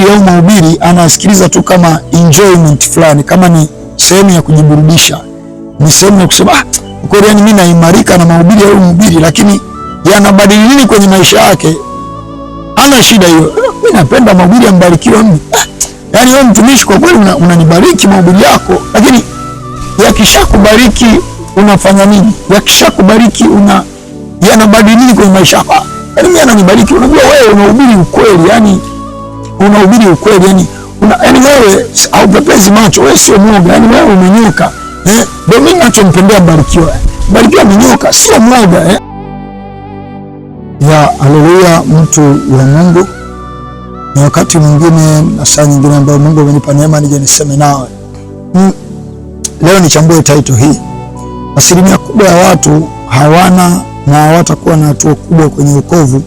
mhubiri au mhubiri anasikiliza tu kama enjoyment fulani, kama ni sehemu ya kujiburudisha, ni sehemu ya kusema ah, kweli yani mimi naimarika na mahubiri au mhubiri, lakini yanabadili nini kwenye maisha yake? Ana shida hiyo. Ah, mimi napenda mahubiri ya Mbarikiwa mimi. Ah, yaani wewe mtumishi, kwa kweli unanibariki una mahubiri yako, lakini yakishakubariki unafanya nini? Yakishakubariki una yanabadili nini kwenye maisha yako? Yaani mimi ananibariki, unajua wewe unahubiri ukweli yani unahubiri ukweli yani, una, yani wewe haupepezi macho, wewe sio mwoga yani, wewe umenyoka eh. Ndio mimi nachompendea Barikiwa. Barikiwa amenyoka, sio mwoga eh. Ya haleluya, mtu wa Mungu. Na wakati mwingine na saa nyingine ambayo Mungu amenipa neema nije niseme nawe mm. Leo nichambue title hii. Asilimia kubwa ya watu hawana na hawatakuwa na hatua kubwa kwenye wokovu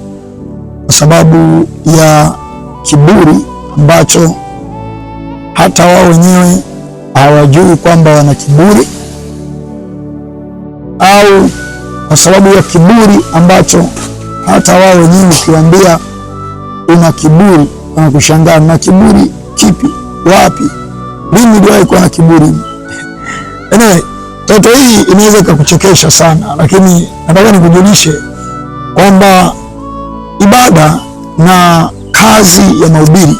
kwa sababu ya kiburi ambacho hata wao wenyewe hawajui kwamba wana kiburi, au kwa sababu ya kiburi ambacho hata wao wenyewe ukiwaambia una kiburi wanakushangaa, na kiburi kipi? Wapi? Mimi niliwahi kuwa na kiburi. Anyway, toto hii inaweza ikakuchekesha sana, lakini nataka nikujulishe kwamba ibada na kazi ya mahubiri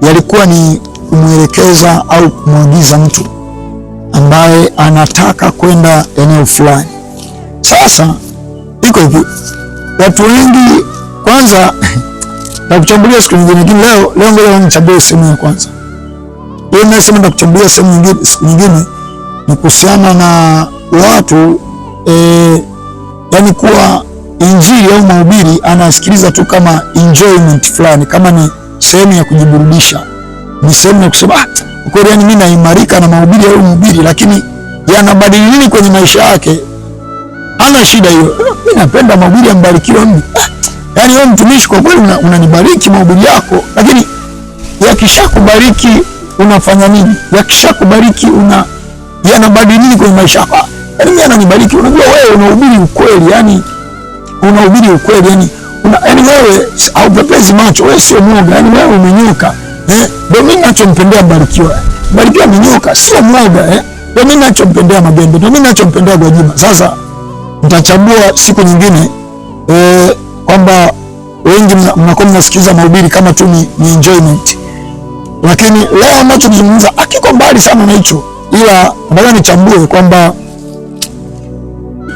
yalikuwa ni kumwelekeza au kumwagiza mtu ambaye anataka kwenda eneo fulani. Sasa iko hivi, watu wengi kwanza takuchambulia siku nyingine, lakini leo leo ngoja nichambue sehemu ya kwanza. Hiyo nasema takuchambulia sehemu nyingine siku nyingine ni kuhusiana na watu e, yani kuwa injili au mahubiri anasikiliza tu kama enjoyment fulani, kama ni sehemu ya kujiburudisha, ni sehemu ya kusema ah, kweli yani mimi naimarika na mahubiri au mhubiri, lakini yanabadili nini kwenye maisha yake? Ana shida hiyo. Ah, mimi napenda mahubiri ambarikiwa mimi, ah, yani wewe mtumishi, kwa kweli unanibariki una mahubiri yako, lakini yakishakubariki unafanya nini? Yakishakubariki una yanabadili nini kwenye maisha yako? Yani ah, mimi ananibariki, unajua wewe unahubiri ukweli yani unahubiri ukweli yani, una, yani wewe haupepezi macho, wewe sio mwoga yani, wewe umenyoka eh. Ndio mimi nachompendea Barikiwa. Barikiwa mnyoka sio mwoga eh. Ndio mimi nachompendea Magendo, ndio mimi nachompendea Gwajima. Sasa nitachambua siku nyingine eh, kwamba wengi mnakuwa mnasikiliza mahubiri kama tu ni, ni enjoyment, lakini leo ambacho kuzungumza akiko mbali sana na hicho, ila nataka nichambue kwamba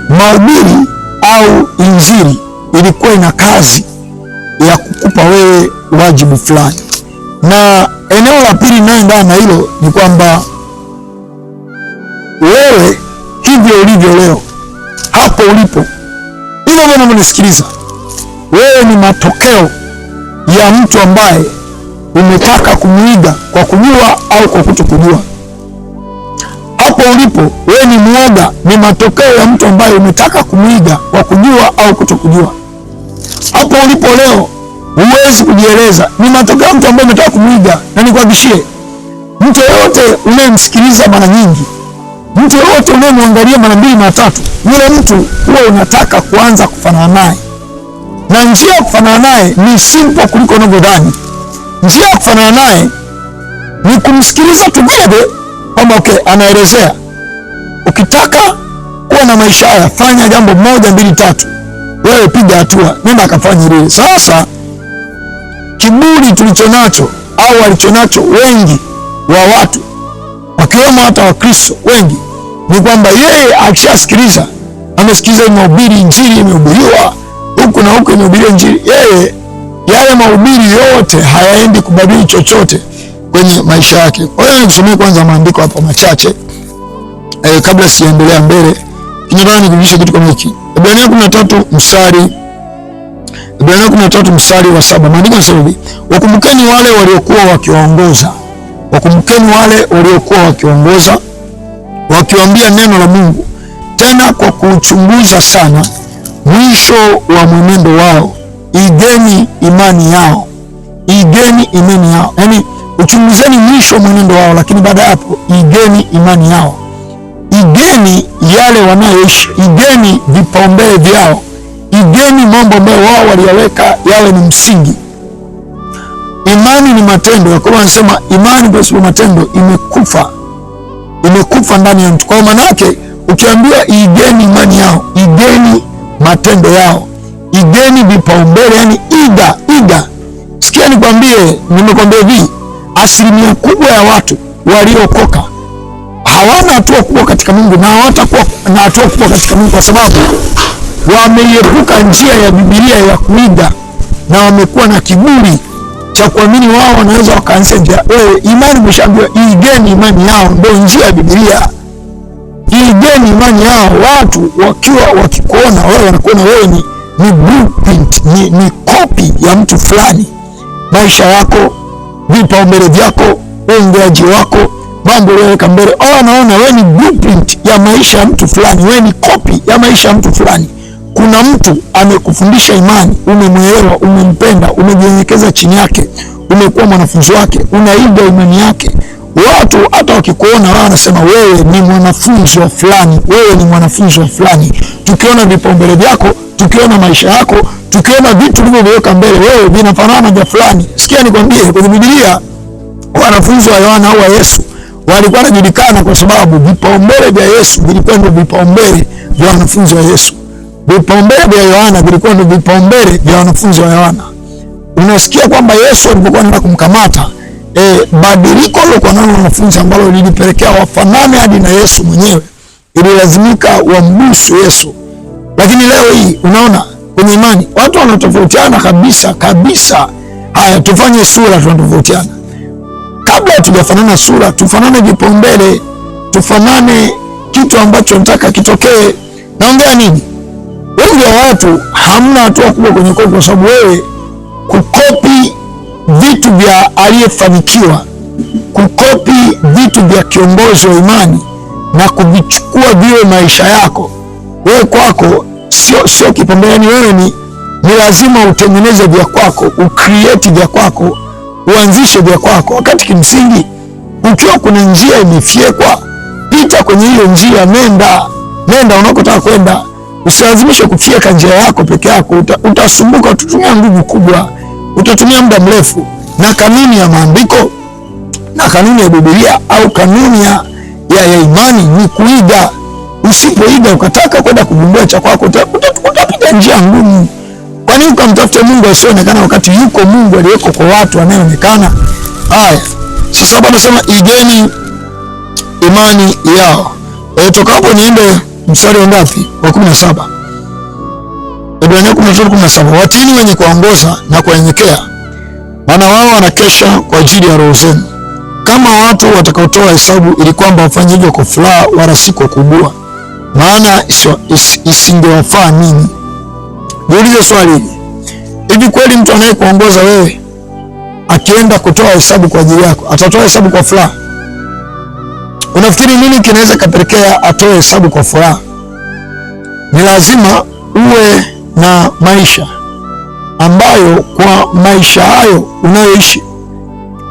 mahubiri au injili ilikuwa ina kazi ya kukupa wewe wajibu fulani. Na eneo la pili inayoendana na hilo ni kwamba wewe hivyo ulivyo leo, hapo ulipo, hivyo vyo navyonisikiliza wewe, ni matokeo ya mtu ambaye umetaka kumwiga kwa kujua au kwa kutokujua hapo ulipo wewe ni mwoga, ni matokeo ya mtu ambaye umetaka kumwiga kwa kujua au kutokujua. Hapo ulipo leo huwezi kujieleza, ni matokeo ya mtu ambaye umetaka kumwiga. Na nikuhakishie, mtu yoyote unayemsikiliza mara nyingi, mtu yoyote unayemwangalia mara mbili mara tatu, yule mtu huwa unataka kuanza kufanana naye, na njia ya kufanana naye ni simple kuliko unavyodhani. Njia ya kufanana naye ni kumsikiliza tugode kwamba okay, anaelezea ukitaka kuwa na maisha haya fanya jambo moja mbili tatu, wewe piga hatua, nenda akafanya lile. Sasa kiburi tulicho nacho au walicho nacho wengi wa watu wakiwemo hata Wakristo wengi ni kwamba yeye akishasikiliza, amesikiliza imehubiri injili, imehubiriwa huku na huku, imehubiriwa injili, yeye yale mahubiri yote hayaendi kubadili chochote kwenye maisha yake. Kwa hiyo nikusomee kwanza maandiko hapa machache eh, kabla siendelea mbele, kinataka nikujulishe kitu kama hiki. Ibrania 13 mstari Ibrania 13 mstari wa saba maandiko yanasema hivi, wakumbukeni wale waliokuwa wakiwaongoza, wakumbukeni wale waliokuwa wakiwaongoza, wakiwaambia neno la Mungu, tena kwa kuchunguza sana mwisho wa mwenendo wao, igeni imani yao, igeni imani yao, yaani uchunguzeni mwisho mwenendo wao, lakini baada ya hapo igeni imani yao, igeni yale wanayoishi, igeni vipaumbele vyao, igeni mambo ambayo wao waliyaweka yawe ni msingi. Imani ni matendo. Yakobo anasema imani pasipo matendo imekufa, imekufa ndani ya mtu. Kwa maana yake ukiambiwa igeni imani yao, igeni matendo yao, igeni vipaumbele, yani iga iga. Sikia nikwambie, nimekwambia hivi asilimia kubwa ya watu waliokoka hawana hatua kubwa katika Mungu na hawatakuwa na hatua kubwa katika Mungu kwa sababu wameiepuka njia ya Biblia ya kuiga na wamekuwa na kiburi cha kuamini wao wanaweza wakaanzia njia. Wewe imani, umeshaambiwa iigeni imani yao, ndio njia ya Biblia. Iigeni imani yao. Watu wakiwa wakikuona wewe wanakuona wewe ni, ni blueprint, ni, ni kopi ya mtu fulani, maisha yako vipaumbele vyako, uongeaji wako, mambo ulioweka mbele. Anaona wewe ni blueprint ya maisha ya mtu fulani, wewe ni kopi ya maisha ya mtu fulani. Kuna mtu amekufundisha imani, umemwelewa, umempenda, umejenyekeza chini yake, umekuwa mwanafunzi wake, unaiga imani yake. Watu hata wakikuona wao wanasema wewe ni mwanafunzi wa fulani, wewe ni mwanafunzi wa fulani. Tukiona vipaumbele vyako tukiona maisha yako, tukiona vitu vilivyoviweka mbele wewe vinafanana na fulani. Sikia nikwambie, kwenye Biblia wanafunzi wa Yohana au wa Yesu walikuwa wanajulikana kwa sababu vipaumbele vya Yesu vilikuwa ndio vipaumbele vya wanafunzi wa Yesu. Vipaumbele vya Yohana vilikuwa ndio vipaumbele vya wanafunzi wa Yohana. Unasikia kwamba Yesu alipokuwa anaenda kumkamata e, badiliko lilokuwa nalo wanafunzi ambalo lilipelekea wafanane hadi na Yesu mwenyewe, ililazimika wambusu Yesu lakini leo hii unaona kwenye imani watu wanatofautiana kabisa kabisa. Haya, tufanye sura, tunatofautiana. Kabla hatujafanana sura, tufanane vipaumbele, tufanane kitu ambacho nataka kitokee. Naongea nini? Wengi wa watu hamna hatua kubwa kwenye kopi, kwa sababu wewe kukopi vitu vya aliyefanikiwa, kukopi vitu vya kiongozi wa imani na kuvichukua viwe maisha yako wewe kwako sio sio kipaumbele, ni wewe ni ni lazima utengeneze vya kwako, ucreate vya kwako, uanzishe vya kwako, wakati kimsingi ukiwa kuna njia imefyekwa, pita kwenye hiyo njia, nenda nenda unakotaka kwenda. Usilazimishe kufyeka njia yako peke yako, uta, utasumbuka, utatumia nguvu kubwa, utatumia muda mrefu. Na kanuni ya maandiko na kanuni ya Biblia au kanuni ya, ya imani ni kuiga Usipoiga ukataka kwenda kugundua cha kwako, utapita njia ngumu. Kwa nini ukamtafuta Mungu asionekana, wakati yuko Mungu aliyeko kwa watu anayeonekana? Haya, sasa Bwana anasema ijeni imani yao. E, toka niende mstari wa ngapi? Wa 17. Waebrania 13:17, watiini wenye kuongoza na kuwanyenyekea, maana wao wanakesha kwa ajili ya roho zenu, kama watu watakaotoa hesabu, ili kwamba wafanye hivyo kwa furaha, wala si kwa kuugua maana isingewafaa nini? niulize swali hili, hivi kweli mtu anayekuongoza wewe akienda kutoa hesabu kwa ajili yako atatoa hesabu kwa furaha? Unafikiri nini kinaweza kapelekea atoe hesabu kwa furaha? Ni lazima uwe na maisha ambayo kwa maisha hayo unayoishi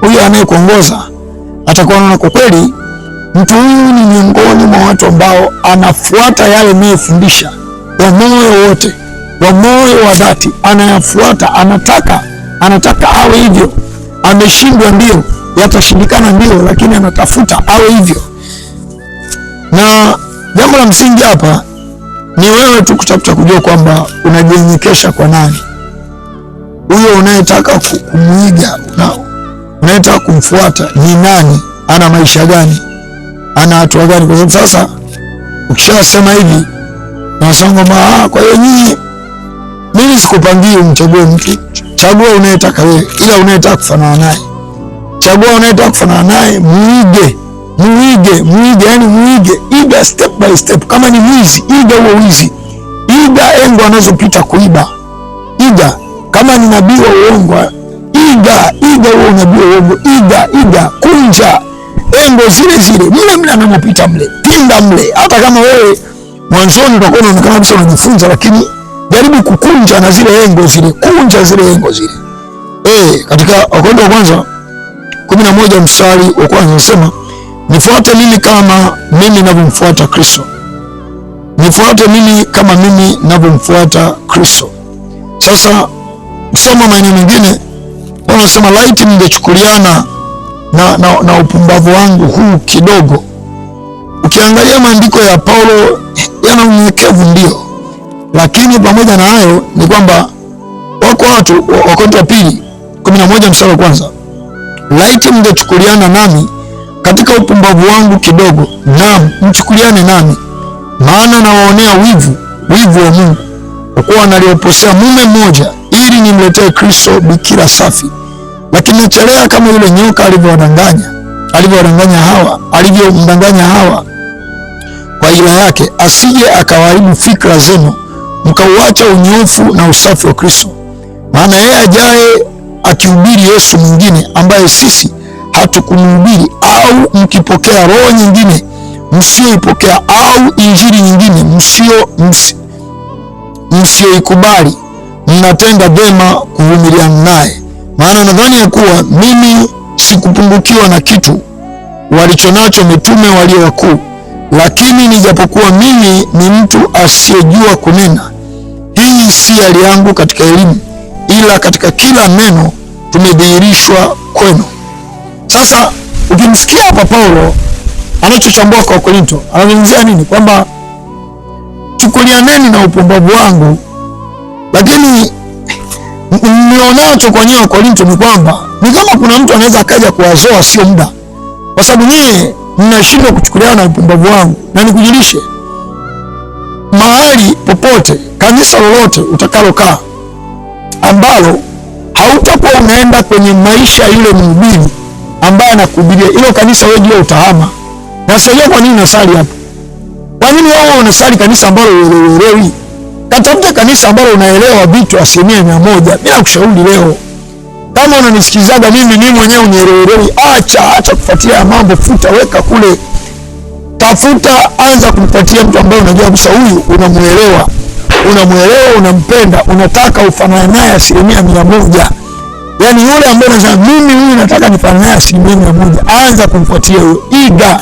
huyo anayekuongoza atakuwa anaona kwa kweli Mtu huyu ni miongoni mwa watu ambao anafuata yale anayofundisha wa moyo wote, wa moyo wa dhati, anayafuata, anataka anataka awe hivyo. Ameshindwa ndio, yatashindikana ndio, lakini anatafuta awe hivyo. Na jambo la msingi hapa ni wewe tu kutafuta kujua kwamba unajienyekesha kwa nani, huyo unayetaka kumwiga, unayetaka kumfuata ni nani, ana maisha gani? ana hatua gani? Kwa sababu sasa ukishasema hivi nasangoma, ah, kwa hiyo nyinyi, mimi sikupangii umchague mtu, chagua unayetaka wewe, ila unayetaka kufanana naye, chagua unayetaka kufanana naye, muige muige muige, yani muige, iga step by step. Kama ni mwizi, iga huo wizi, iga engo anazopita kuiba, iga. Kama ni nabii wa uongo, iga iga huo nabii wa uongo, iga iga, kunja engo zile zile mle mle anamopita mle pinda mle. Hata kama wewe mwanzoni utakuwa unaonekana kabisa unajifunza, lakini jaribu kukunja na zile engo zile, kunja zile engo zile eh. Katika Wakorintho wa kwanza 11 mstari wa kwanza nasema, nifuate mimi kama mimi ninavyomfuata Kristo, nifuate mimi kama mimi ninavyomfuata Kristo. Sasa msoma maeneo mengine wanasema, laiti mngechukuliana na, na, na upumbavu wangu huu kidogo. Ukiangalia maandiko ya Paulo yana unyenyekevu ndio, lakini pamoja na hayo ni kwamba wako watu, Wakorintho wa pili 11 mstari wa kwanza, laiti mngechukuliana nami katika upumbavu wangu kidogo, naam mchukuliane nami, maana nawaonea wivu, wivu wa Mungu, kwa kuwa nalioposea mume mmoja, ili nimletee Kristo bikira safi. Lakini chelea kama yule nyoka alivyowadanganya, alivyowadanganya Hawa, alivyomdanganya Hawa kwa ila yake, asije akawaharibu fikra zenu mkauacha unyofu na usafi wa Kristo. Maana yeye ajaye akihubiri Yesu mwingine ambaye sisi hatukumhubiri, au mkipokea roho nyingine msioipokea au injili nyingine msio msio mnatenda vyema kuvumiliana naye. Maana nadhani ya kuwa mimi sikupungukiwa na kitu walichonacho mitume walio wakuu, lakini nijapokuwa mimi ni mtu asiyejua kunena, hii si hali yangu katika elimu, ila katika kila neno tumedhihirishwa kwenu. Sasa ukimsikia hapa Paulo anachochambua kwa Korinto, anazungumzia nini? Kwamba chukulianeni na upumbavu wangu, lakini nionacho kwenye wakorinto ni kwamba ni kama kuna mtu anaweza akaja kuwazoa, sio muda, kwa sababu nyie mnashindwa kuchukuliana na upumbavu wangu. Na nikujulishe mahali popote, kanisa lolote utakalokaa ambalo hautakuwa unaenda kwenye maisha yule mhubiri ambaye anakuhubiria ilo kanisa, wewe jua utahama. Na sijajua kwa nini nasali hapo. Kwa nini wewe unasali kanisa ambalo uelewi? Katafute kanisa ambalo unaelewa vitu asilimia mia moja. Mimi nakushauri leo, kama unanisikizaga mimi, mimi mwenyewe unielewelewi, acha acha kufuatilia mambo, futa, weka kule, tafuta, anza kumfuatia mtu ambaye unajua kabisa huyu unamuelewa, unamuelewa, unampenda, unataka ufanane naye asilimia mia moja. Yaani yule ambaye unasema mimi huyu nataka nifanane naye asilimia mia moja, anza kumfuatia huyo. Iga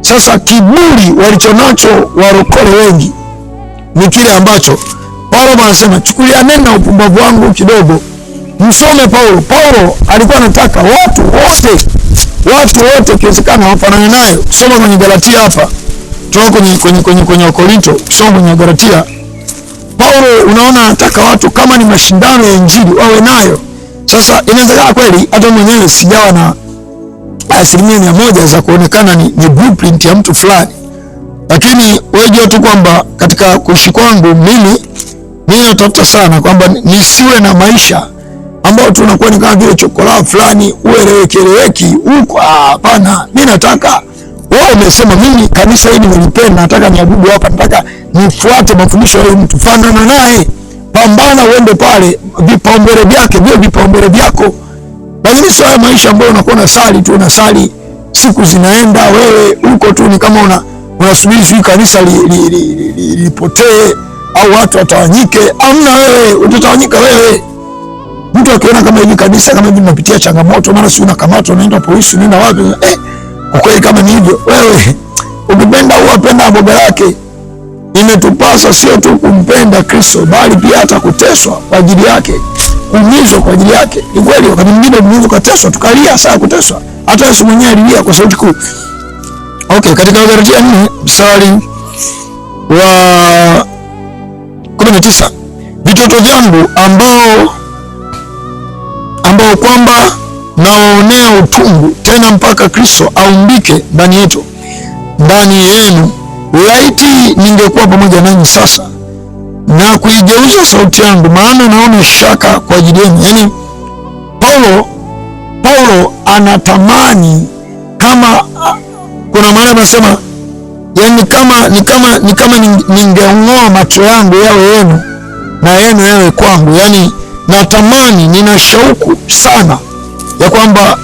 sasa, kiburi walichonacho warokole wengi ni kile ambacho Paulo anasema chukulianeni na upumbavu wangu kidogo. Msome Paulo. Paulo alikuwa anataka watu wote, watu wote kiwezekana wafanane naye. Soma kwenye Galatia hapa, tuko kwenye kwenye kwenye kwenye Wakorinto, soma kwenye Galatia. Paulo unaona anataka watu, kama ni mashindano ya injili wawe nayo. Sasa inawezekana kweli, hata mwenyewe sijawa na asilimia mia moja za kuonekana ni, ni blueprint ya mtu fulani lakini wajua tu kwamba katika kuishi kwangu mimi mimi natafuta sana kwamba nisiwe na maisha ambayo tunakuwa ni kama vile chokola fulani, uelewekeleweki huko. Ah, hapana, mimi nataka wao, umesema mimi kanisa hili nilipenda, nataka niabudu hapa, nataka nifuate mafundisho ya mtu, fanana naye, pambana, uende pale, vipaumbele vyake vio vipaumbele vyako, lakini sio haya maisha ambayo unakuwa na sali tu na sali, siku zinaenda, wewe uko tu ni kama una unasubiri sijui kanisa lipotee au watu watawanyike. Amna, wewe utatawanyika wewe. Mtu akiona kama hivi kabisa, kama hivi unapitia changamoto, mara si unakamatwa, unaenda polisi, unaenda wapi? Eh, kwa kweli kama ni hivyo, wewe ukipenda uwapenda boga yake. Imetupasa sio tu kumpenda Kristo, bali pia hata kuteswa kwa ajili yake, kuumizwa kwa ajili yake. Ni kweli, wakati mwingine tunaweza kuteswa, tukalia, saa kuteswa, hata Yesu mwenyewe alilia kwa sauti kuu. Okay, katika utaratibu nne mstari wa 19 vitoto vyangu ambao ambao kwamba nawaonea utungu tena mpaka Kristo aumbike ndani yetu ndani yenu, laiti ningekuwa pamoja nanyi sasa na kuigeuza sauti yangu, maana naona shaka kwa ajili yenu. Yani Paulo Paulo anatamani anasema yani kama ni kama ni kama ningeng'oa macho yangu yawe yenu na yenu yawe kwangu, yani natamani, nina shauku sana ya kwamba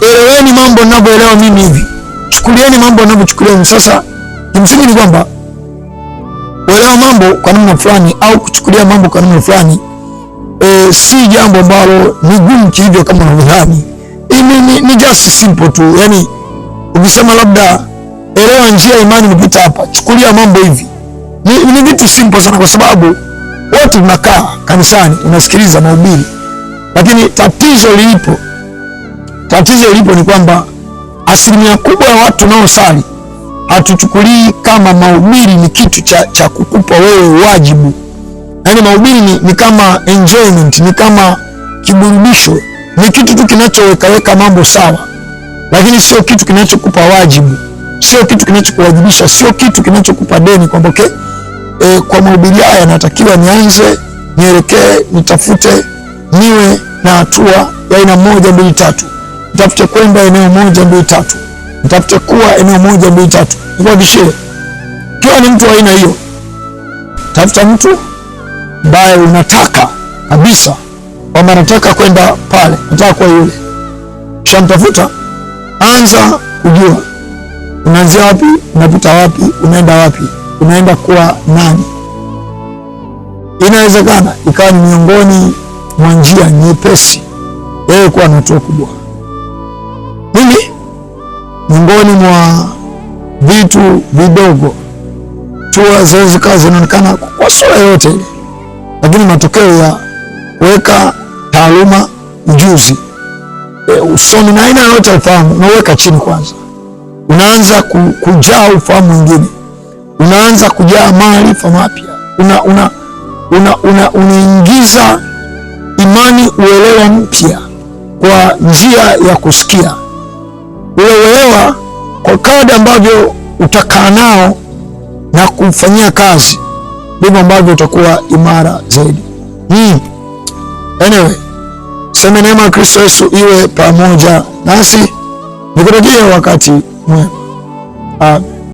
eleweni mambo ninavyoelewa mimi hivi, chukulieni mambo ninavyochukulia mimi. Sasa kimsingi ni kwamba kuelewa mambo kwa namna fulani au kuchukulia mambo kwa namna fulani e, si jambo ambalo ni gumu kihivyo kama unavyodhani. Ni, ni, ni just simple tu, yani ukisema labda elewa njia imani imepita hapa, chukulia mambo hivi. Ni, ni vitu simple sana, kwa sababu wote tunakaa kanisani unasikiliza mahubiri, lakini tatizo lilipo, tatizo lilipo ni kwamba asilimia kubwa ya watu naosali hatuchukulii kama mahubiri ni kitu cha, cha kukupa wewe wajibu. Yaani mahubiri ni, ni kama enjoyment, ni kama kiburudisho, ni kitu tu kinachowekaweka mambo sawa, lakini sio kitu kinachokupa wajibu sio kitu kinachokuwajibisha, sio kitu kinachokupa deni kwamba okay, e, kwa mahubiri haya natakiwa nianze nielekee, nitafute niwe na hatua ya aina moja mbili tatu, nitafute kwenda eneo moja mbili tatu, nitafute kuwa eneo moja mbili tatu. Nikuhakishie, kiwa ni mtu wa aina hiyo, tafuta mtu ambaye unataka kabisa kwamba nataka kwenda pale, nataka kuwa yule. Shamtafuta, anza kujua Unaanzia wapi? Unapita wapi? Unaenda wapi? Unaenda kuwa nani? Inawezekana ikawa ni miongoni mwa njia nyepesi yeye kuwa na hatua kubwa. Mimi miongoni mwa vitu vidogo hatua zawezi zinaonekana kwa sura yote lakini matokeo ya kuweka taaluma, ujuzi, e, eh, usomi na aina yoyote ya ufahamu unaweka chini kwanza unaanza kujaa ufahamu mwingine, unaanza kujaa maarifa mapya, unaingiza una, una, una, una imani uelewa mpya kwa njia ya kusikia. Ule uelewa kwa kadri ambavyo utakaa nao na kufanyia kazi, ndivyo ambavyo utakuwa imara zaidi. Hmm. Anyway, sema neema ya Kristo Yesu iwe pamoja nasi, nikutakie wakati 嗯，啊。